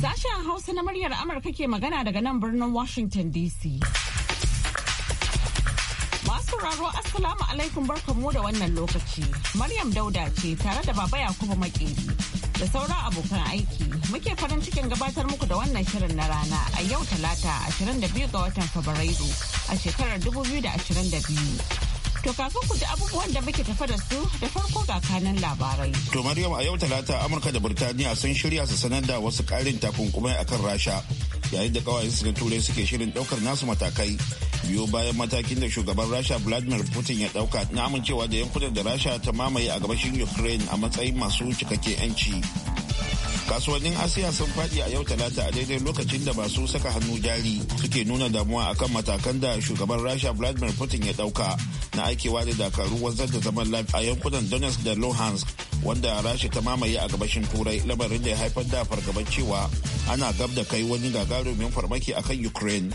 Sashen Hausa na muryar Amurka ke magana daga nan birnin Washington DC. Masu raro Assalamu alaikum barkanmu da wannan lokaci. Maryam Dauda ce tare da Baba Yakubu Makeri da sauran abokan aiki. Muke farin cikin gabatar muku da wannan shirin na rana a yau Talata 22 ga watan Fabrairu. a shekarar 2022. To kafin ku ji abubuwan da muke tafa da su da farko ga kanan labarai. To Maryam a yau talata Amurka da Birtaniya sun shirya su sanar da wasu ƙarin takunkumai akan Rasha yayin da kawayen na turai suke shirin ɗaukar nasu matakai. Biyo bayan matakin da shugaban Rasha Vladimir Putin ya ɗauka na amincewa da yankunan da Rasha ta mamaye a gabashin Ukraine a matsayin masu cikakken 'yanci. kasuwannin asiya sun fadi a yau talata a daidai lokacin da masu saka hannu jari suke nuna damuwa akan matakan da shugaban rasha vladimir putin ya dauka na aikewa da dakaru wanzar da zaman lafiya a yankunan donetsk da luhansk wanda rasha ta mamaye a gabashin turai lamarin da ya haifar da fargaban cewa ana gab da kai wani gagarumin farmaki akan ukraine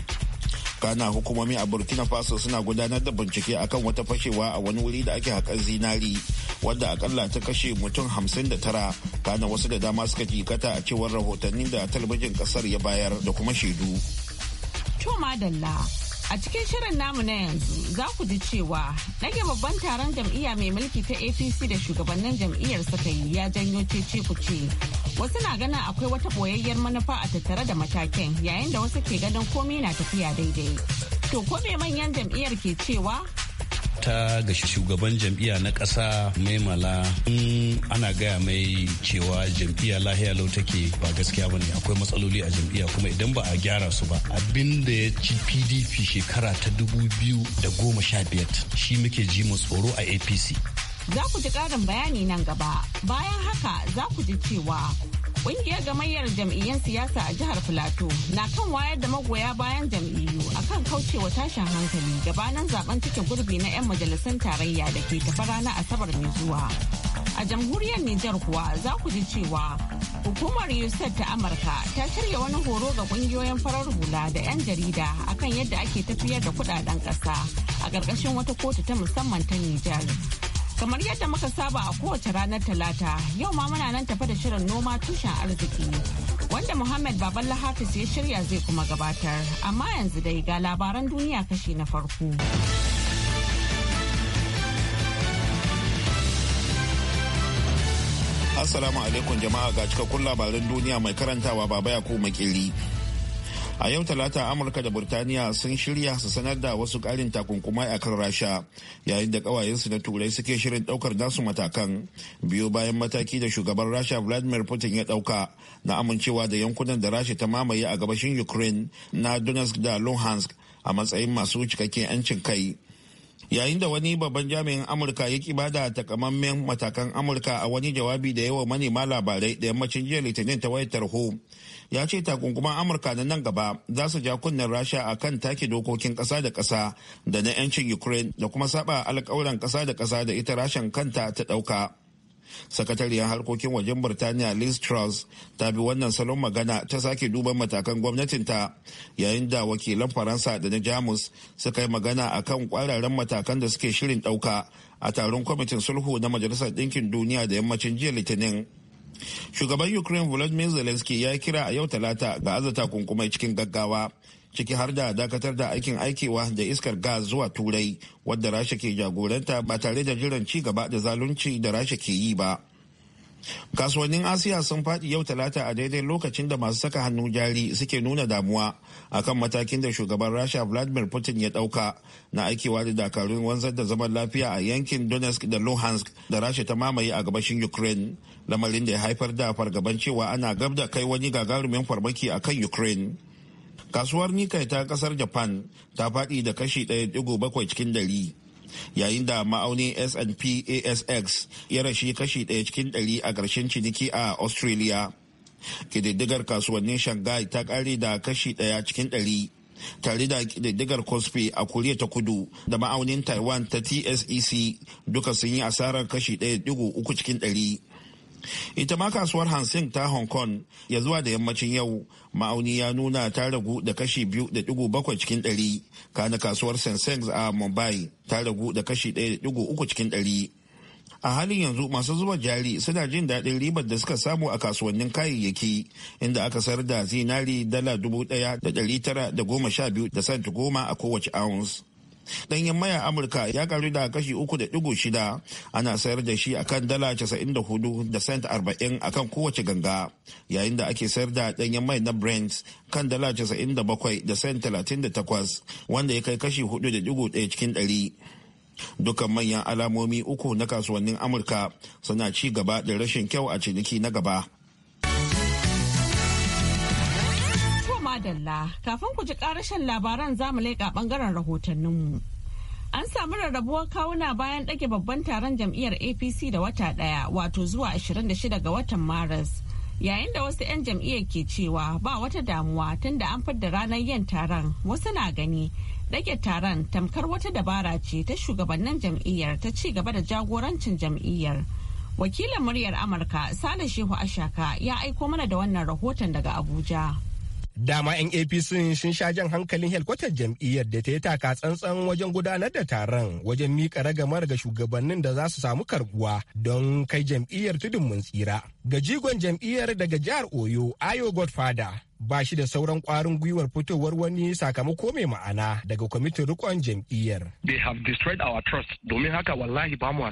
kana hukumomi a burkina faso suna gudanar da bincike akan wata fashewa a wani wuri da ake haƙar zinari wadda akalla ta kashe mutum hamsin da tara kana wasu da dama suka jikata a cewar rahotanni da talabijin kasar ya bayar da kuma shaidu. To madalla A cikin shirin namu na yanzu za ku ji cewa ɗage babban taron jam'iyya mai mulki ta APC da shugabannin jam'iyyar suka yi ya janyo cece ce Wasu na ganin akwai wata boyayyar manufa a tattare da matakin yayin da wasu ke ganin komi na tafiya daidai. To ko me manyan jam'iyyar ke cewa ta ga shugaban jam'iyya na ƙasa maimala in ana gaya mai cewa jam'iyya lahiya lau take ba gaskiya ba ne akwai matsaloli a jam'iyya kuma idan ba a gyara su ba abin da ya ci pdp shekara ta dubu biyu da goma sha biyar shi muke ji mu tsoro a apc za ku ji ƙarin bayani nan gaba bayan haka za ku ji cewa Ƙungiyar gamayyar jam'iyyar siyasa a jihar Filato na kan wayar da magoya bayan jam'iyyu a kan kaucewa tashin hankali gabanin zaben cikin gurbi na 'yan majalisun tarayya da ke tafa ranar Asabar mai zuwa. A jamhuriyar Nijar kuwa za ku ji cewa hukumar USAID ta Amurka ta shirya wani horo ga ƙungiyoyin farar hula da 'yan jarida akan yadda ake tafiyar da kudaden ƙasa a ƙarƙashin wata kotu ta musamman ta Nijar. Kamar yadda muka saba a kowace ranar Talata, yau ma muna nan tafe da shirin noma tushen arziki. Wanda Muhammad Baballa Hafiz ya shirya zai kuma gabatar, amma yanzu dai ga labaran duniya kashi na farko. Assalamu alaikum jama'a ga cikakkun labaran duniya mai karantawa Baba Yakubu Makili. a yau talata amurka da burtaniya sun shirya su sanar da wasu karin takunkumai akan rasha yayin da kawayensu na turai suke shirin daukar nasu matakan biyo bayan mataki da shugaban rasha vladimir putin ya dauka na amincewa da yankunan da rasha ta mamaye a gabashin ukraine na donetsk da luhansk a matsayin masu cikakken 'yancin kai yayin da wani babban jami'in amurka ya ki bada takamammen matakan amurka a wani jawabi da yawa manema labarai da yammacin jiya litinin ta wayar tarho ya ce takunkuman amurka na nan gaba za su ja kunnen rasha a kan take dokokin kasa da kasa da na 'yancin ukraine da kuma saba alkawuran kasa da kasa da ita rashin kanta ta ɗauka sakatariyar harkokin wajen birtaniya liz truss ta bi wannan salon magana ta sake duban matakan gwamnatinta yayin da wakilan faransa da na jamus suka yi magana a kan kwararen matakan da suke shirin ɗauka a taron kwamitin sulhu na majalisar ɗinkin duniya da yammacin jiya litinin shugaban ukraine volodymyr zelensky ya kira a yau talata ga azata kunkumai cikin gaggawa ciki har da dakatar da aikin aikewa da iskar gas zuwa turai wadda rasha ke jagoranta ba tare da jiran ci gaba da zalunci da rasha ke yi ba kasuwannin asiya sun fadi yau talata a daidai lokacin da masu saka hannu jari suke nuna damuwa akan matakin da shugaban rasha vladimir putin ya dauka na aikewa da dakarun wanzar da zaman lafiya a yankin donetsk da luhansk da rasha ta mamaye a gabashin ukraine lamarin da ya haifar da fargaban cewa ana gab da kai wani gagarumin farmaki a kan ukraine kasuwar nikai ta kasar japan ta faɗi da kashi 1.7 cikin dari yayin da ma'aunin S&P ASX ya rashi kashi ɗaya cikin dari a ƙarshen ciniki a Australia. Kididdigar kasuwannin Shanghai ta ƙare da kashi ɗaya cikin dari tare da kididdigar Kospi a Koriya ta kudu da ma'aunin Taiwan ta TSEC duka sun yi asarar kashi ɗaya uku cikin dari. ita ma kasuwar hansin ta hong kong ya zuwa da yammacin yau ma'auni ya nuna ta ragu da kashi biyu da digo bakwai cikin ɗari kana kasuwar sensex a mumbai ta ragu da kashi ɗaya da digo uku cikin ɗari a halin yanzu masu zuba jari suna jin daɗin ribar da suka samu a kasuwannin kayayyaki inda aka sayar da zinari dala dubu ɗaya da ɗari tara da goma sha biyu da cent goma a kowace ounce danyen maya amurka ya karu da kashi uku da digo shida ana sayar da shi akan dala casa'in da hudu da cent arba'in akan kowace ganga yayin da ake sayar da danyen mai na brent kan dala casa'in da bakwai da cent talatin wanda ya kai kashi hudu da digo ɗaya cikin ɗari dukkan manyan alamomi uku na kasuwannin amurka suna ci gaba da rashin kyau a ciniki na gaba madalla kafin ku ji karashin labaran zamu leƙa bangaren rahotanninmu. An samu rarrabuwar kawuna bayan ɗage babban taron jam'iyyar APC da wata ɗaya wato zuwa 26 ga watan Maris. Yayin da wasu 'yan jam'iyyar ke cewa ba wata damuwa tunda an fidda ranar yin taron wasu na gani ɗage taron tamkar wata dabara ce ta shugabannin jam'iyyar ta ci gaba da jagorancin jam'iyyar. Wakilin muryar Amurka Sale Shehu Ashaka ya aiko mana da wannan rahoton daga Abuja. Dama 'yan APC sun sha jan hankalin helkwatar jam'iyyar da ta yi taka tsantsan wajen gudanar da taron wajen miƙa ragamar ga shugabannin da za su samu karbuwa don kai jam'iyyar tudun mun tsira. Ga jigon jam'iyyar daga jihar Oyo, Ayo Godfather, ba shi da sauran kwarin gwiwar fitowar wani sakamako mai ma'ana daga kwamitin rikon jam'iyyar. They have destroyed our trust domin haka wallahi ba mu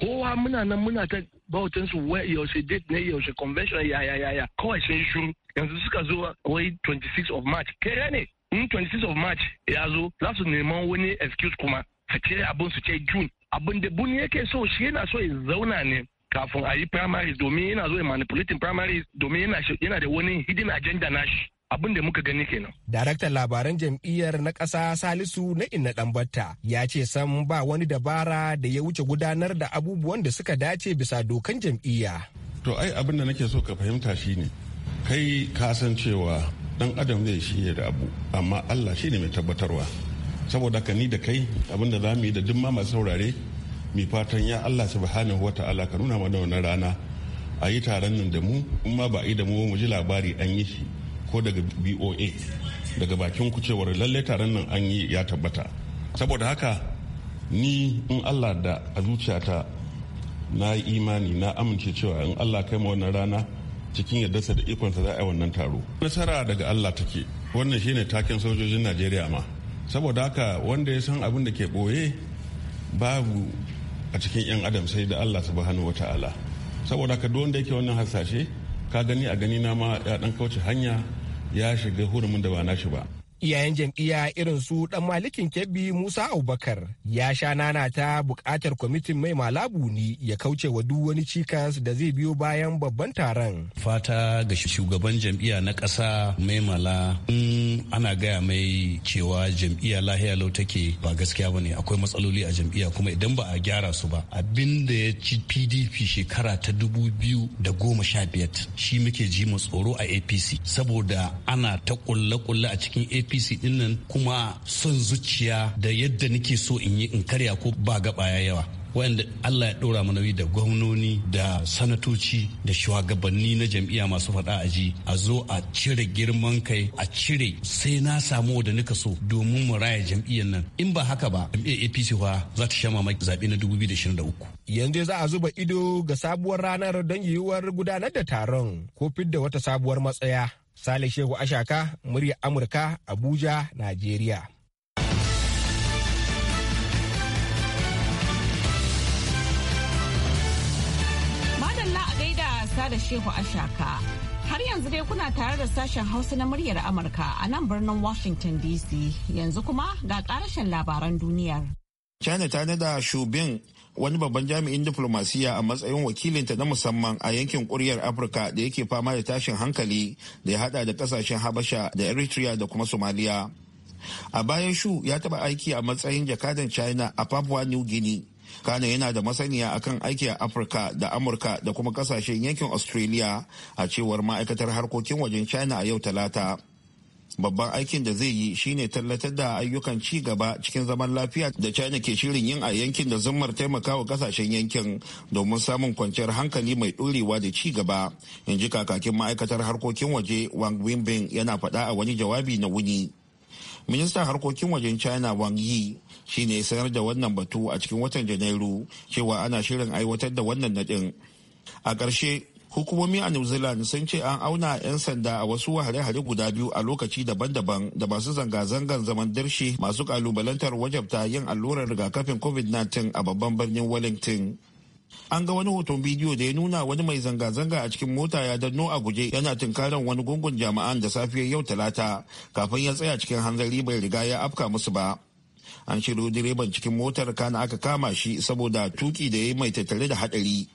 kowa muna nan muna ta bautan su yaushe date ne yaushe convention ya ya ya kawai sun shuru yanzu suka zo wai 26 of march kere ne in 26 of march ya zo za su neman wani excuse kuma su ce abin su ce june abin da bun yake so shi yana so ya zauna ne kafin a yi primaries domin yana zo ya manipulating primaries domin yana da wani hidden agenda nashi abin da muka gani kenan. Daraktan labaran jam'iyyar na ƙasa Salisu na Inna Ɗanbatta ya ce sam ba wani dabara da ya wuce gudanar da abubuwan da suka dace bisa dokan jam'iyya. To ai abin da nake so ka fahimta shine kai ka san cewa dan adam zai shirya da abu amma Allah shine mai tabbatarwa. Saboda ka ni da kai abin da za mu yi da duk ma saurare mi fatan ya Allah subhanahu wa ta'ala ka nuna mana rana a yi taron nan da mu in ma ba a yi da mu mu ji labari an yi shi ko daga boa daga bakin kucewar lalle lallai taron nan an yi ya tabbata saboda haka ni in allah da a zuciyata na yi imani na amince cewa in allah kai ma wannan rana cikin dasa da ikonsa za a yi wannan taro nasara daga allah take wannan shine taken sojojin najeriya ma saboda haka wanda ya san abin da ke boye babu a cikin 'yan adam sai da allah subhanahu wa ta'ala saboda haka duk wanda yake wannan hasashe ka gani a gani na ma ya dan kauce hanya ya shiga hurumin da ba nashi ba Iyayen jam'iyya irin su ɗan malikin kebbi Musa Abubakar ya sha nana ta bukatar kwamitin mai malabu ne ya kauce wa duk wani cikas da zai biyo bayan babban taron. Fata ga shugaban jam'iyya na ƙasa mai mala ana gaya mai cewa jam'iyya lahiya lau take ba gaskiya ba ne akwai matsaloli a jam'iyya kuma idan ba a gyara su ba abin da ya ci PDP shekara ta dubu biyu da goma sha biyar shi muke ji mu tsoro a APC saboda ana ta kulle-kulle a cikin APC apc dinnan kuma son zuciya da yadda nake so in yi in karya ko ba gaba ya yawa wanda Allah ya ɗora nauyi da gwamnoni da sanatoci da shugabanni na jam'iyya masu faɗa aji a zo a cire girman kai a cire sai na samu da nika so domin mu raya jam'iyyar nan in ba haka ba jam'iyyar APC fa za ta shama mai zaɓe na 2023 yanzu za a zuba ido ga sabuwar ranar don yiwuwar gudanar da taron ko fidda wata sabuwar matsaya Sale Shehu Ashaka, murya Amurka, Abuja, Najeriya. Madalla a gaida Sale Shehu Ashaka. Har yanzu dai kuna tare da sashen Hausa na muryar Amurka a nan birnin Washington DC. Yanzu kuma ga ƙarashin labaran duniyar. China ta nada Shubin wani babban jami'in diflomasiyya a matsayin wakilinta na musamman a yankin kuryar afirka da yake fama da tashin hankali da ya hada da kasashen habasha da eritrea da kuma Somalia. a bayan shu ya taba aiki a matsayin jakadan china a papua new guinea kana yana da masaniya akan aiki a afirka da amurka da kuma kasashen yankin australia a cewar ma'aikatar harkokin wajen china a yau talata babban aikin da zai yi shine tallatar da ayyukan ci gaba cikin zaman lafiya da china ke shirin yin a yankin da zummar taimakawa kasashen yankin domin samun kwanciyar hankali mai ɗorewa da ci gaba in ji kakakin ma'aikatar harkokin waje wang winbin yana faɗa a wani jawabi na wuni ministan harkokin wajen china wang yi shi sanar da wannan batu a cikin watan janairu cewa ana shirin aiwatar da wannan nadin a ƙarshe hukumomi a new zealand sun ce an auna 'yan sanda a wasu hare-hare guda biyu a lokaci daban-daban da masu zanga zangar zaman dirshi masu kalubalantar wajabta yin allurar rigakafin covid-19 a babban birnin wellington an ga wani hoton bidiyo da ya nuna wani mai zanga-zanga a cikin mota ya danno a guje yana tunkaran wani gungun jama'an da safiyar yau talata kafin ya tsaya cikin hanzari bai riga ya afka musu ba an shiro direban cikin motar kana aka kama shi saboda tuki da ya yi mai tattare da hadari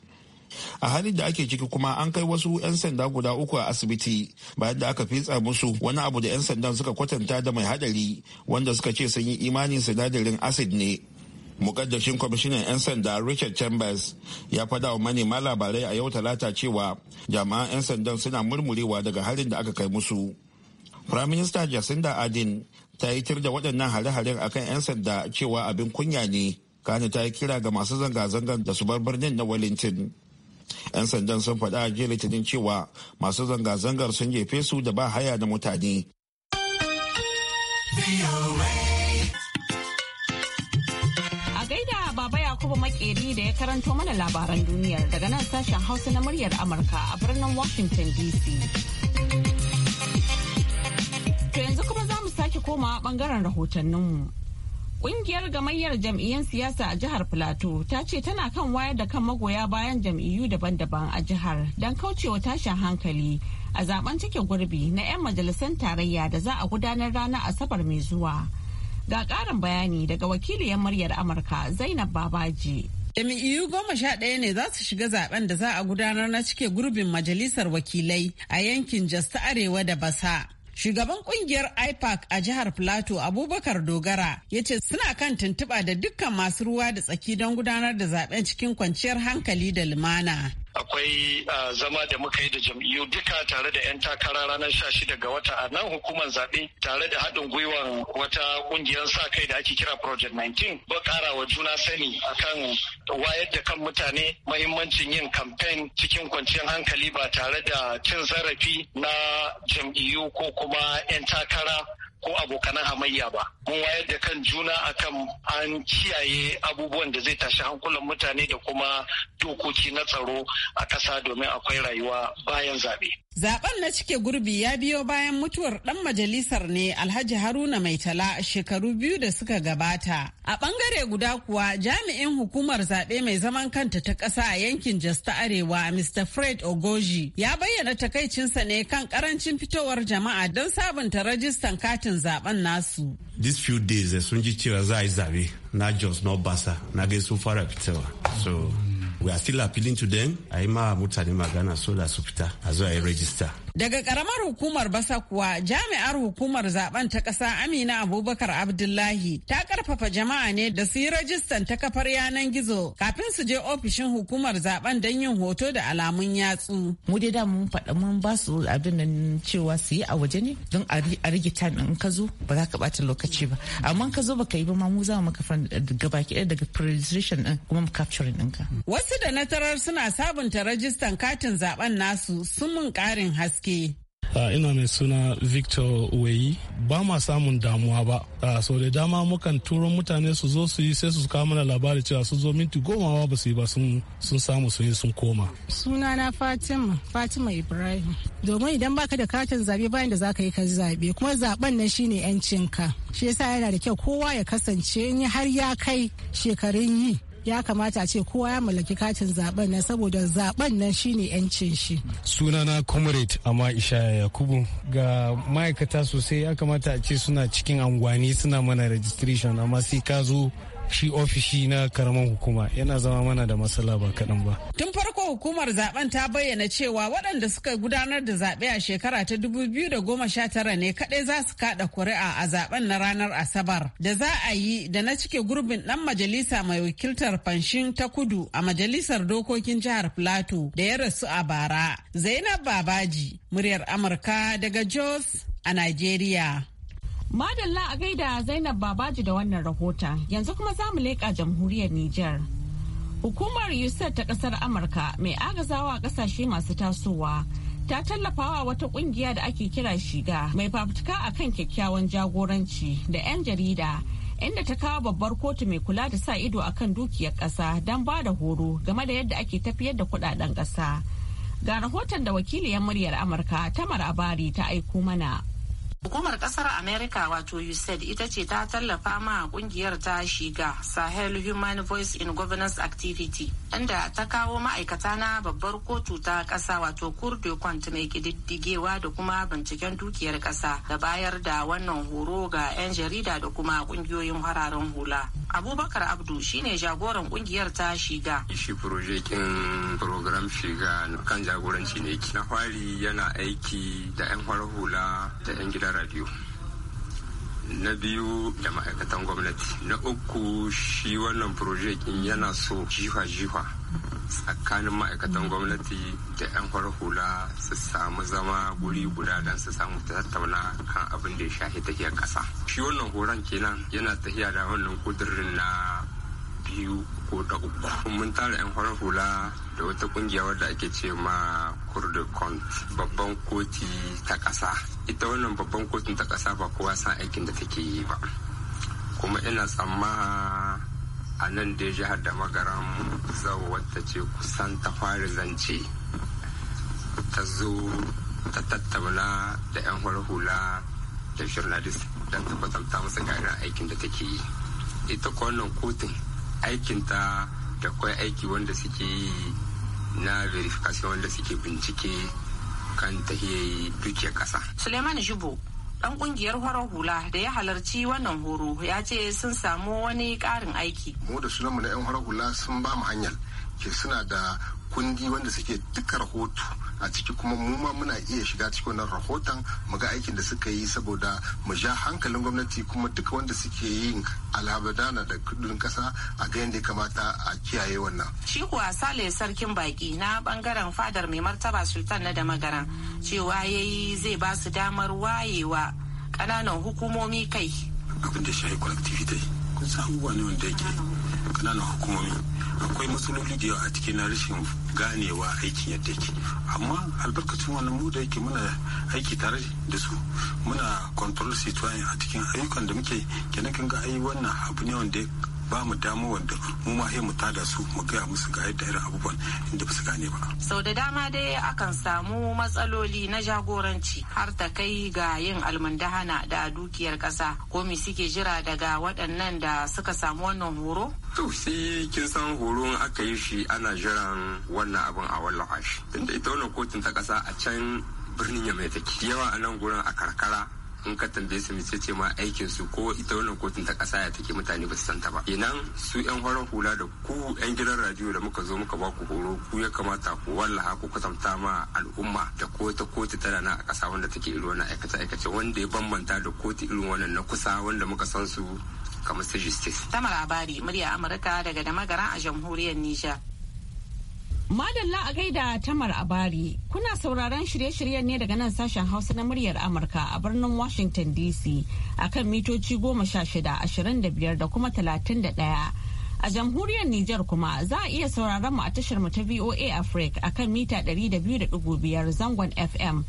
a halin da ake ciki kuma an kai wasu 'yan sanda guda uku a asibiti bayan da aka fitsa musu wani abu da 'yan sandan suka kwatanta da mai hadari wanda suka ce sun yi imanin sinadarin acid ne mukaddashin kwamishinan 'yan sanda richard chambers ya fada wa manema labarai a yau talata cewa jama'an 'yan sandan suna murmurewa daga harin da aka kai musu prime minister jacinda adin ta yi da waɗannan hare-haren akan 'yan sanda cewa abin kunya ne kani ta yi kira ga masu zanga-zangar da su bar birnin na wellington 'yan sandan sun faɗa a jiya litinin cewa masu zanga-zangar sun jefe su da ba haya da mutane a gaida baba yakubu makeri da ya karanto mana labaran duniyar daga nan sashen hausa na muryar amurka a birnin washington dc to yanzu kuma za mu sake komawa bangaren rahotanninmu Ƙungiyar gamayyar jam'iyyar siyasa a jihar Filato ta ce tana kan wayar da kan magoya bayan jam'iyyu daban-daban a jihar don kaucewa tashin hankali a zaben cike gurbi na 'yan majalisar tarayya da za a gudanar ranar Asabar mai zuwa. Ga ƙarin bayani daga wakiliyar muryar Amurka Zainab Babaji. Jami'u goma sha ɗaya ne za su shiga zaben da za a gudanar na cike gurbin majalisar wakilai a yankin Jos ta Arewa da Basa. Shugaban kungiyar IPAC a jihar Plateau Abubakar Dogara ya ce suna kan tuntuɓa da dukkan masu ruwa da tsaki don gudanar da zaben cikin kwanciyar hankali da lumana. akwai ah, zama da muka yi da jam'iyyu duka tare da 'yan takara ranar sha shida ga wata a nan hukumar zaɓe tare da haɗin gwiwan wata ƙungiyar sa kai da ake kira project 19 ba ƙara wa juna sani akan wayar da kan mutane mahimmancin yin kamfen cikin kwanciyar hankali ba tare da cin zarafi na jam'iyyu ko kuma 'yan takara ko abokanan hamayya ba mun wayar da kan juna akan an kiyaye abubuwan da zai tashi hankulan mutane da kuma dokoki na tsaro a ƙasa domin akwai rayuwa bayan zaɓe. Zaben na cike gurbi ya biyo bayan mutuwar ɗan majalisar ne Alhaji Haruna Maitala shekaru biyu da suka gabata. A ɓangare guda kuwa jami'in hukumar zaɓe mai zaman kanta ta ƙasa a yankin Jos ta Arewa Mr. Fred Ogoji ya bayyana takaicinsa ne kan ƙarancin fitowar jama'a don sabunta rajistan katin zaben nasu. This few days eh, sun ji cewa za a yi zaɓe na Jos na Obasa na gaisu fara fitowa. So we are still appealing to them a yi ma mutane magana so da su fita a zo a yi rajista. Daga karamar hukumar basa kuwa jami'ar hukumar zaben ta kasa Amina Abubakar Abdullahi ta karfafa jama'a ne da su yi rajistan ta kafar yanan gizo kafin su je ofishin hukumar zaben don yin hoto da alamun yatsu. Mu dai da mun faɗa mun ba su abin nan cewa su yi a waje ne don a rigita in ka zo ba za ka ɓata lokaci ba. Amma ka zo ba ka yi ba ma mu za mu maka gabaki ɗaya daga registration ɗin kuma mu capturing ɗinka. Wasu Wasu da na tarar suna sabunta rajistan katin zaben nasu sun mun karin haske. Uh, ina mai suna victor weyi ba ma samun damuwa ba uh, ah, sau da dama mukan turo mutane su zo su yi sai su kawo mana labari cewa su zo minti gomawa ba su yi ba sun samu su yi sun koma suna na fatima fatima ibrahim domin idan baka da katin zabe bayan da zaka yi ka zabe kuma zaben nan shine yancinka shi yasa yana da kyau kowa ya kasance in har ya kai shekarun yi ya kamata ce kowa ya mallaki katin zaben nan saboda zaben nan shine yancin shi sunana comrade amma isha yakubu ga ma'aikata sosai ya kamata a ce suna cikin angwani suna mana registration amma sai ka zo shi ofishi na karaman hukuma yana zama mana da matsala ba kaɗan ba. Tun farko hukumar zaben ta bayyana cewa waɗanda suka gudanar da zaɓe a shekara ta dubu biyu da goma sha tara ne kaɗai za su kaɗa kuri'a a zaben na ranar Asabar da za a yi da na cike gurbin ɗan majalisa mai wakiltar fanshin ta kudu a majalisar dokokin jihar Plateau da ya rasu a bara. Zainab Babaji, muryar Amurka daga Jos a Najeriya. Madalla a gaida Zainab Babaji da wannan rahota yanzu kuma za mu leƙa jamhuriyar Nijar. Hukumar USAID ta ƙasar Amurka mai agazawa ƙasashe masu tasowa ta tallafawa wata ƙungiya da ake kira shiga mai fafutuka a kan kyakkyawan jagoranci da 'yan jarida inda ta kawo babbar kotu mai kula da sa ido akan dukiyar ƙasa don ba da horo game da yadda ake tafiyar da kuɗaɗen ƙasa. Ga rahoton da wakiliyar muryar Amurka Tamar Abari ta aiko mana. Hukumar kasar America wato USAID ita ce ta tallafa ma kungiyar ta shiga Sahel Human Voice in Governance Activity inda ta kawo ma'aikata na babbar kotu ta kasa wato Cour de Compte mai kididdigewa da kuma binciken dukiyar kasa da bayar da wannan horo ga 'yan jarida da kuma kungiyoyin hararen hula. Abubakar Abdu shine jagoran kungiyar ta shiga. Shi projekin program shiga kan jagoranci ne. Na fari yana aiki da 'yan hula da 'yan gida naira biyu na biyu da ma'aikatan gwamnati na uku shi wannan in yana so jifa-jifa tsakanin ma'aikatan gwamnati da 'yan hula su samu zama guri guda don su samu tattauna kan abin da ya shafi tafiyar ƙasa shi wannan horon kenan yana tafiya da wannan kudurin na biyu ko da uku mun tara 'yan farar hula da wata kungiya wadda ake ce ma kurdukont babban koti ta ƙasa ita wannan babban kotun ta ƙasa ba kowa san aikin da take yi ba kuma ina tsammaha a nan da jihar da magaran zau wata ce kusan ta fara zance ta zo ta tattauna da 'yan farar hula da journalist don ta kwatanta masa gari aikin da take yi ita kwanan kotun aikinta da kwai aiki wanda suke yi na verification wanda suke bincike kan tahiyayi duke kasa. Suleiman Jibo ɗan ƙungiyar horon hula da ya halarci wannan horo ya ce sun samu wani ƙarin aiki. Mu da sunanmu na 'yan horon hula sun ba mu hanyar ke suna da kundi wanda suke duka rahoto a ciki kuma mu ma muna iya shiga cikin wannan rahoton mu ga aikin da suka yi saboda mu ja hankalin gwamnati kuma duka wanda suke yin alhabadana da kudin kasa a ga yadda kamata a kiyaye wannan. Shi kuwa Sale sarkin baki na bangaren fadar mai martaba sultan na da magaran cewa yayi zai ba su damar wayewa kananan hukumomi kai. Abin da shi kun san wani wanda yake kananan hukumomi akwai matsaloli da yawa a cikin na rashin ganewa aikin yadda yake amma albarkacin wannan mu da yake muna aiki tare da su muna control situation a cikin ayyukan da muke kenan kan ga ai wannan abu ne wanda ba mu damu wanda mu ma mu tada su mu gaya musu ga yadda irin abubuwan inda ba su gane ba. Sau da dama dai akan samu matsaloli na jagoranci har ta kai ga yin almundahana da dukiyar kasa ko me suke jira daga waɗannan da suka samu wannan horo? To sai kin san horo aka yi shi ana jiran wannan abin a wallafa shi. Tunda ita wannan kotun ta kasa a can birnin ya take yawa a nan gurin a karkara in ka tambaye su mece ce ma aikin su ko ita wannan kotun ta kasa ya take mutane ba su santa ba kenan su yan horon hula da ku yan gidan radio da muka zo muka ba ku horo ku ya kamata ku wallaha ku kwatanta ma al'umma da ko ta kotu tana na a kasa wanda take irin wannan aikace aikace wanda ya bambanta da kotu irin wannan na kusa wanda muka san su kamar su justice. Tamar Abari, murya Amurka daga da magara a jamhuriyar Nijar. Madalla a gaida Tamar Abari, kuna sauraron shirye-shiryen ne daga nan sashen Hausa na muryar Amurka a birnin Washington DC a kan mitoci goma sha shida, ashirin da biyar da kuma talatin da ɗaya. A jamhuriyar Nijar kuma za a iya sauraron mu a tashar mu ta VOA Africa a kan mita ɗari da biyu da ɗigo biyar zangon FM.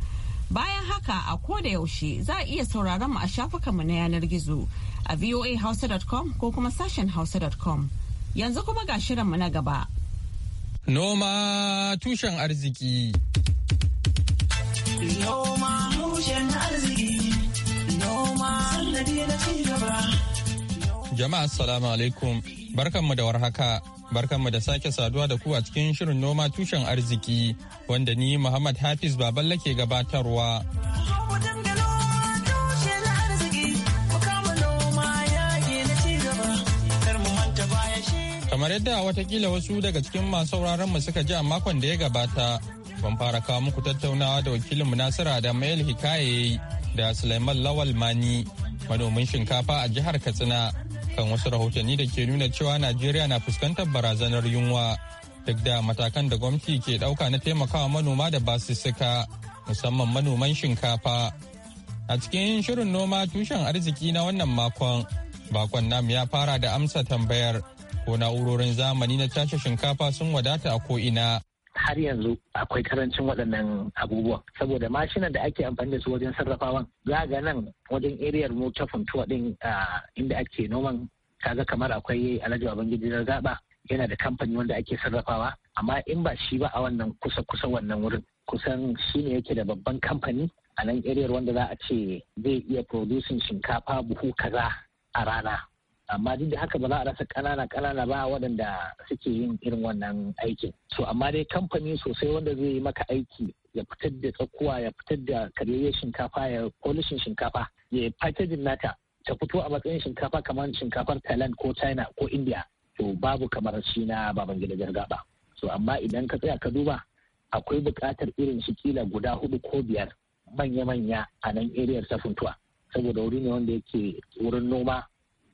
Bayan haka a ko da yaushe za a iya sauraron mu a mu na yanar gizo a voahausa.com ko kuma sashen hausa.com. Yanzu kuma ga shirin mu na gaba. Noma tushen arziki. Noma tushen arziki. Noma na gaba. Jama'a salamu alaikum. Barkanmu da warhaka. Barkanmu da sake saduwa da ku a cikin shirin noma tushen arziki wanda ni Muhammad Hafiz Baballa ke gabatarwa. kamar yadda watakila wasu daga cikin masu mu suka ji a makon da ya gabata ban fara kawo muku tattaunawa da wakilin nasira da mail hikaye da Sulaiman Lawal Mani manomin shinkafa a jihar Katsina kan wasu rahotanni da ke nuna cewa Najeriya na fuskantar barazanar yunwa duk da matakan da gwamnati ke dauka na taimakawa manoma da basussuka musamman manoman shinkafa. A cikin shirin noma tushen arziki na wannan makon, bakon namu ya fara da amsa tambayar ko na'urorin zamani na tace shinkafa sun wadata a ko'ina. har yanzu akwai karancin waɗannan abubuwan saboda mashinan da ake amfani da su wajen sarrafawan za ga nan wajen eriyar mu ta funtuwa ɗin inda ake noman kaga kamar akwai alhaji babangiji na gaba yana da kamfani wanda ake sarrafawa amma in ba shi ba a wannan kusa kusa wannan wurin kusan shi ne yake da babban kamfani a nan eriyar wanda za a ce zai iya producing shinkafa buhu kaza a rana amma duk da haka ba za a rasa kanana kanana ba waɗanda suke yin irin wannan aikin so amma dai kamfani sosai wanda zai yi maka aiki ya fitar da tsakuwa ya fitar da karyayyen shinkafa ya polishin shinkafa ya packaging nata ta fito a matsayin shinkafa kamar shinkafar thailand ko china ko india to babu kamar shi na baban gida ba. so amma idan ka tsaya ka duba akwai buƙatar irin shi kila guda hudu ko biyar manya-manya a nan eriyar funtuwa saboda wuri ne wanda yake wurin noma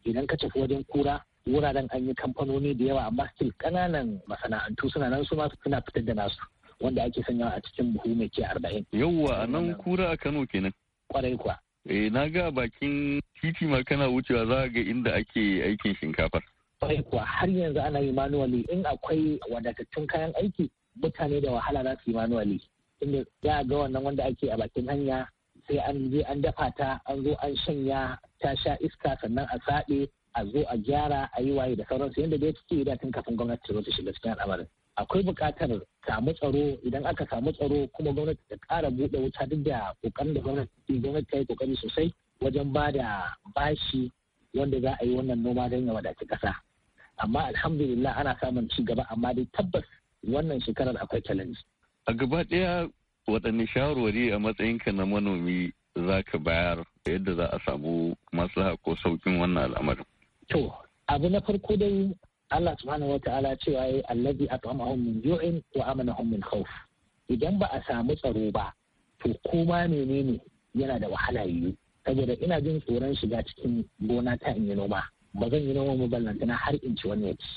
idan ka tafi wajen kura wuraren an yi kamfanoni da yawa amma still kananan masana'antu suna nan su ma suna fitar da nasu wanda ake sanyawa a cikin buhu mai ke arba'in. yawwa a nan kura a kano kenan. kwarai kuwa. eh na ga bakin titi ma kana wucewa za ga inda ake aikin shinkafar. kwarai kuwa har yanzu ana yi manuwali in akwai wadatattun kayan aiki mutane da wahala za su yi manuwali. inda za ga wannan wanda ake a bakin hanya sai an je an dafa ta an zo an shanya ta sha iska sannan a saɗe a zo a gyara a yi waye da sauransu yadda dai take da tun kafin gwamnati ta zo ta shiga cikin al'amarin akwai buƙatar samu tsaro idan aka samu tsaro kuma gwamnati ta ƙara buɗe wuta duk da ƙoƙarin da gwamnati gwamnati ta yi ƙoƙari sosai wajen ba da bashi wanda za a yi wannan noma don ya wadaci ƙasa amma alhamdulillah ana samun ci gaba amma dai tabbas wannan shekarar akwai challenge a gaba ɗaya waɗanne shawarwari a matsayinka na manomi za ka bayar yadda za a samu maslaha ko saukin wannan al'amarin? To, abu na farko dai Allah subhanahu ta'ala cewa ya yi allazi at'amahum min ju'in wa amanahum min khawf. Idan ba a samu tsaro ba, to koma menene yana da wahala yi. Saboda ina jin tsoron shiga cikin gona ta in yi noma. Ba zan yi noma lantana har in ci wani yaci.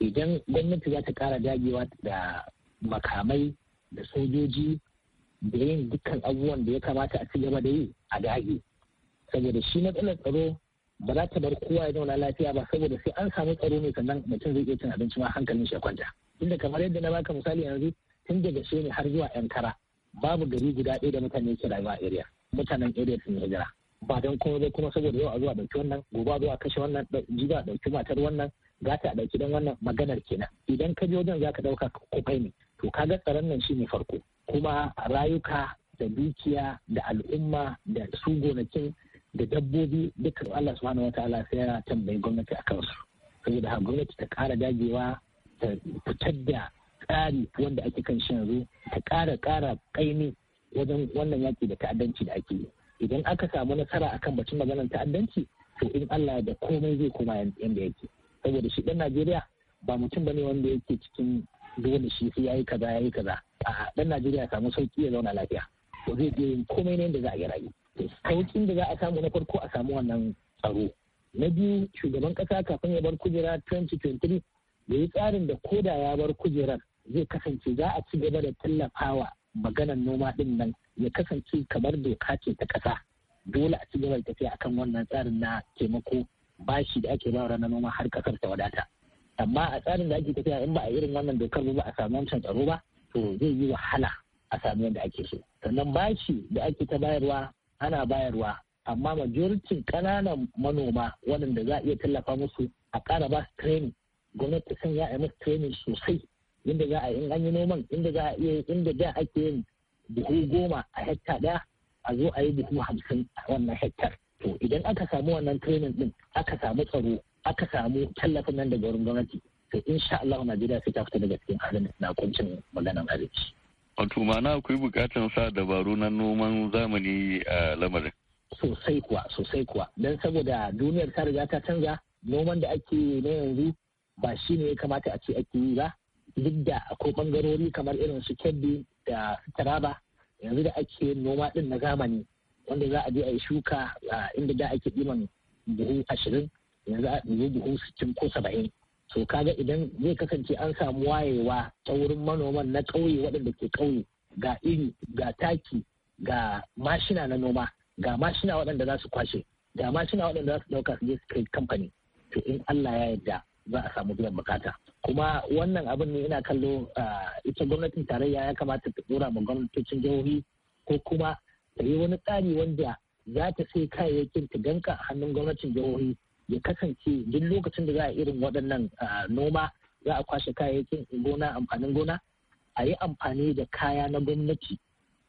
Idan gwamnati za ta kara dagewa da makamai da sojoji da yin dukkan abubuwan da ya kamata a cigaba da yi a dage saboda shi matsalar tsaro ba za ta bar kowa ya zauna lafiya ba saboda sai an samu tsaro ne sannan mutum zai iya cin abinci ma hankalin shi ya kwanta inda kamar yadda na baka misali yanzu tun daga ne har zuwa yankara babu gari guda ɗaya da mutane ke rayuwa a area mutanen area sun hijira ba don kuma zai kuma saboda yau a zuwa ɗauki wannan gobe zuwa kashe wannan jiba ɗauki matar wannan gata a ɗauki don wannan maganar kenan idan ka je wajen za ka ɗauka kofai ne to ka ga tsaron nan shi ne farko kuma rayuka da dukiya da al'umma da su gonakin da dabbobi duka Allah subhanahu wataala sai ya tambayi gwamnati a kansu saboda haka gwamnati ta kara dagewa ta fitar da tsari wanda ake kan shi yanzu ta kara kara ƙaimi wajen wannan yaki da ta'addanci da ake yi idan aka samu nasara akan batun maganar ta'addanci to in Allah da komai zai koma yanda yake saboda shi ɗan Najeriya ba mutum ba ne wanda yake cikin dole shi sai yayi kaza yayi kaza a dan Najeriya samu sauki ya zauna lafiya to zai je komai ne da za a yi rayu sauƙin da za a samu na farko a samu wannan tsaro na biyu shugaban kasa kafin ya bar kujera 2023 da yi tsarin da koda ya bar kujerar zai kasance za a ci gaba da tallafawa maganar noma din nan ya kasance kamar doka ce ta kasa dole a ci gaba da tafiya akan wannan tsarin na taimako bashi da ake bawa ranar noma har kasar ta wadata amma a tsarin da ake tafiya in ba a irin wannan dokar ba a samu wancan tsaro ba to zai yi wahala a samu yadda ake so sannan bashi da ake ta bayarwa ana bayarwa amma majoritin ƙananan manoma waɗanda za a iya tallafa musu a ƙara ba su training gwamnati sun sanya a musu training sosai inda za a in an yi noman inda za a iya inda da ake yin buhu goma a hekta ɗaya a zo a yi buhu hamsin a wannan hektar to idan aka samu wannan training din aka samu tsaro aka samu tallafin nan daga wurin gwamnati to insha Allah Najeriya sai ta fita daga cikin halin na kuncin maganan arziki. Wato mana akwai bukatan sa dabaru na noman zamani a lamarin. Sosai kuwa sosai kuwa don saboda duniyar ta riga ta canza noman da ake na yanzu ba shi ne ya kamata a ce ake yi ba duk da akwai bangarori kamar irin su kebbi da taraba yanzu da ake noma din na zamani wanda za a je a yi shuka inda da ake ɗiman buhu ashirin yanzu a ɗiye buhu sittin ko saba'in to kaga idan zai kasance an samu wayewa ta wurin manoman na ƙauye waɗanda ke ƙauye ga iri ga taki ga mashina na noma ga mashina waɗanda za su kwashe ga mashina waɗanda za su ɗauka su je su kai kamfani to in Allah ya yarda za a samu biyan bukata kuma wannan abin ne ina kallo ita gwamnatin tarayya ya kamata ta dora ma gwamnatocin jihohi ko kuma ta yi wani tsari wanda za ta sai kayayyakin ta danka a hannun gwamnatin jihohi ya kasance duk lokacin da za a irin waɗannan noma za a kwashe kayayyakin gona amfanin gona a yi amfani da kaya na gwamnati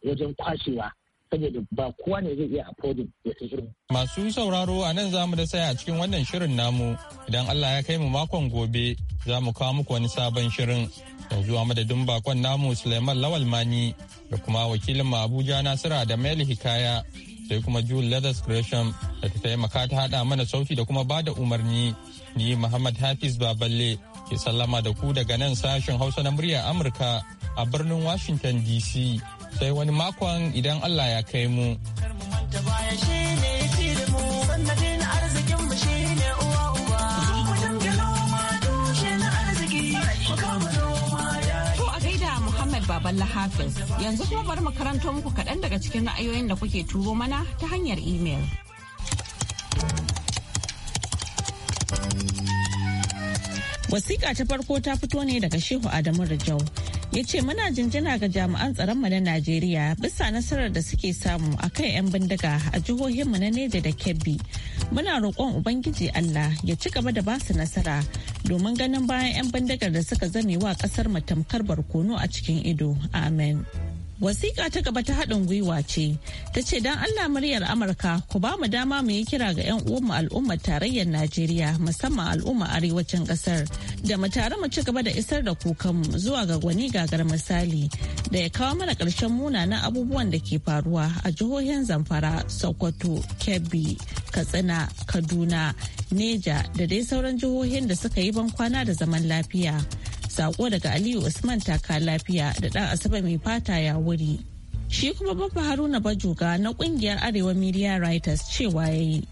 wajen kwashewa saboda ba kowa ne zai iya affording ya sai irin. Masu sauraro a nan zamu da saya a cikin wannan shirin namu idan Allah ya kai mu makon gobe za mu kawo muku wani sabon shirin yanzu zuwa madadin bakon namu Suleiman Lawal Mani da kuma wakilin Abuja Nasira da Mail Hikaya sai kuma Jule Leathers Gresham da ta taimaka ta hada mana sauti da kuma bada umarni. Ni Muhammad Hafiz Baballe ke sallama da ku daga nan sashen Hausa na muryar Amurka a birnin Washington DC. Sai wani makon idan Allah ya kai mu. sabon lahafin. Yanzu kuma bari mu muku kaɗan daga cikin ra'ayoyin da kuke turo mana ta hanyar imel. Wasiƙa ta farko ta fito ne daga Shehu Adamu Rajau. ya ce muna jinjina ga jami'an tsaronmu na najeriya bisa nasarar da suke samu a kan 'yan bindiga a jihohinmu na neja da kebbi muna roƙon ubangiji allah ya ci gaba da basu nasara domin ganin bayan 'yan bindigar da suka zame wa kasar matamkar barkono a cikin ido amen Wasiƙa ta gaba ta haɗin gwiwa ce, ta ce don Allah muryar Amurka ku ba mu dama mu yi kira ga 'yan uwanmu al'ummar tarayyar Najeriya musamman al'umma arewacin ƙasar da mu tare mu ci gaba da isar da kukanmu zuwa ga gwani gagar misali da ya kawo mana ƙarshen munanan abubuwan da ke faruwa a jihohin Zamfara, Sokoto, Kebbi, Katsina, Kaduna, Neja da dai sauran jihohin da suka yi ban kwana da zaman lafiya. Sako daga Aliyu Usman taka lafiya da dan asaba mai fata ya wuri. Shi kuma babba Haruna Bajuga na kungiyar Arewa Media Writers cewa ya yi.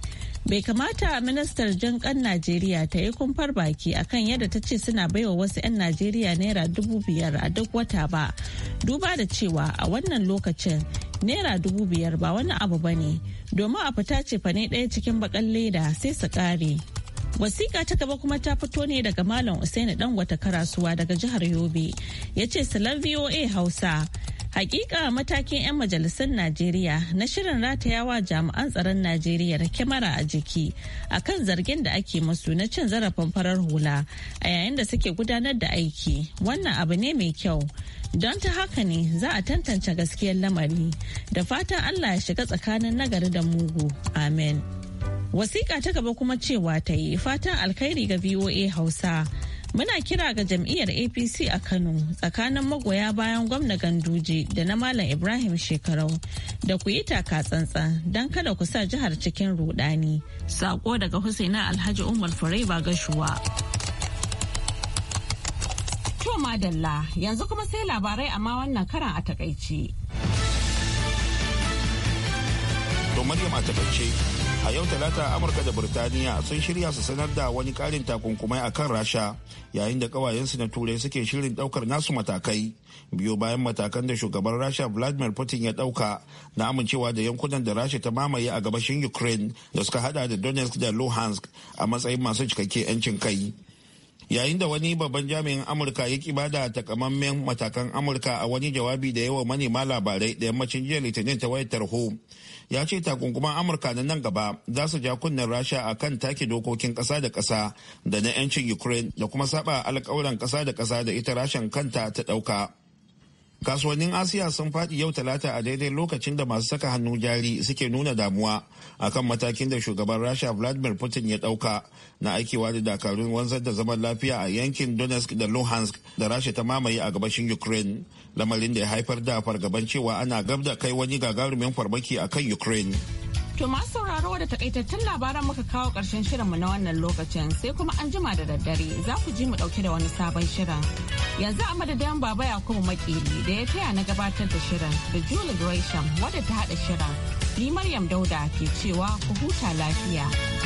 Bai kamata ministar jankan Najeriya ta yi kumfar baki akan yadda ta ce suna baiwa wasu 'yan Najeriya naira dubu biyar a duk wata ba. Duba da cewa a wannan lokacin naira dubu biyar ba wani abu ba ne domin a fita ce fa ne ɗaya cikin bakan leda sai su ƙare. Wasiƙa ta gaba kuma ta fito ne daga Malam Usaini wata Karasuwa daga jihar Yobe. Ya ce salon VOA Hausa. Hakika matakin 'yan majalisun Najeriya na shirin ratayawa jami'an tsaron Najeriya da kyamara a jiki akan zargin da ake masu na cin zarafin farar hula a yayin da suke gudanar da aiki. Wannan abu ne mai kyau. Don ta haka ne za a tantance gaskiyar lamari da fatan Allah ya shiga tsakanin nagari da mugu. Amen. Wasiƙa ta gaba kuma cewa ta yi fatan alkhairi ga VOA Hausa. Muna kira ga jam'iyyar APC a Kano tsakanin magoya bayan gwamna Ganduje da na Malam Ibrahim Shekarau da ku yi taka tsantsan don kada ku sa jihar cikin rudani. Sako daga Husaina Alhaji Umar Fureba Gashuwa. To madalla yanzu kuma sai labarai amma wannan karan a takaici. a takaice a yau talata amurka da birtaniya sun shirya su sanar da wani karin takunkumai a kan rasha yayin da kawayensu na turai suke shirin daukar nasu matakai biyo bayan matakan da shugaban rasha vladimir putin ya dauka na amincewa da yankunan da rasha ta mamaye a gabashin ukraine da suka hada da donetsk da luhansk a matsayin masu cikakke 'yancin kai yayin da wani babban jami'in amurka ya da takamammen matakan amurka a wani jawabi da yawa manema labarai da yammacin jiya litinin ta wayar tarho ya ce takunkuman amurka na nan gaba za su ja kunnen rasha a kan take dokokin kasa da kasa da na 'yancin ukraine da kuma saba alkawuran kasa da kasa da ita rashin kanta ta ɗauka kasuwannin asiya sun faɗi yau talata a daidai lokacin da masu saka hannu jari suke nuna damuwa akan matakin da shugaban rasha vladimir putin ya dauka na aikewa da dakarun wanzar da zaman lafiya a yankin donetsk da luhansk da rasha ta mamaye a gabashin ukraine lamarin da ya haifar da fargaban cewa ana gab da kai wani gagarumin farmaki a kan ukraine To masu sauraro da takaitattun labaran muka kawo ƙarshen shirinmu na wannan lokacin sai kuma an jima da daddare za ku ji mu ɗauke da wani sabon shirin. Yanzu a madadayan baba Yakubu Makeri da ya taya na gabatar da shirin da Julie Gresham wadda ta haɗa shirin. Ni Maryam Dauda ke cewa ku huta lafiya.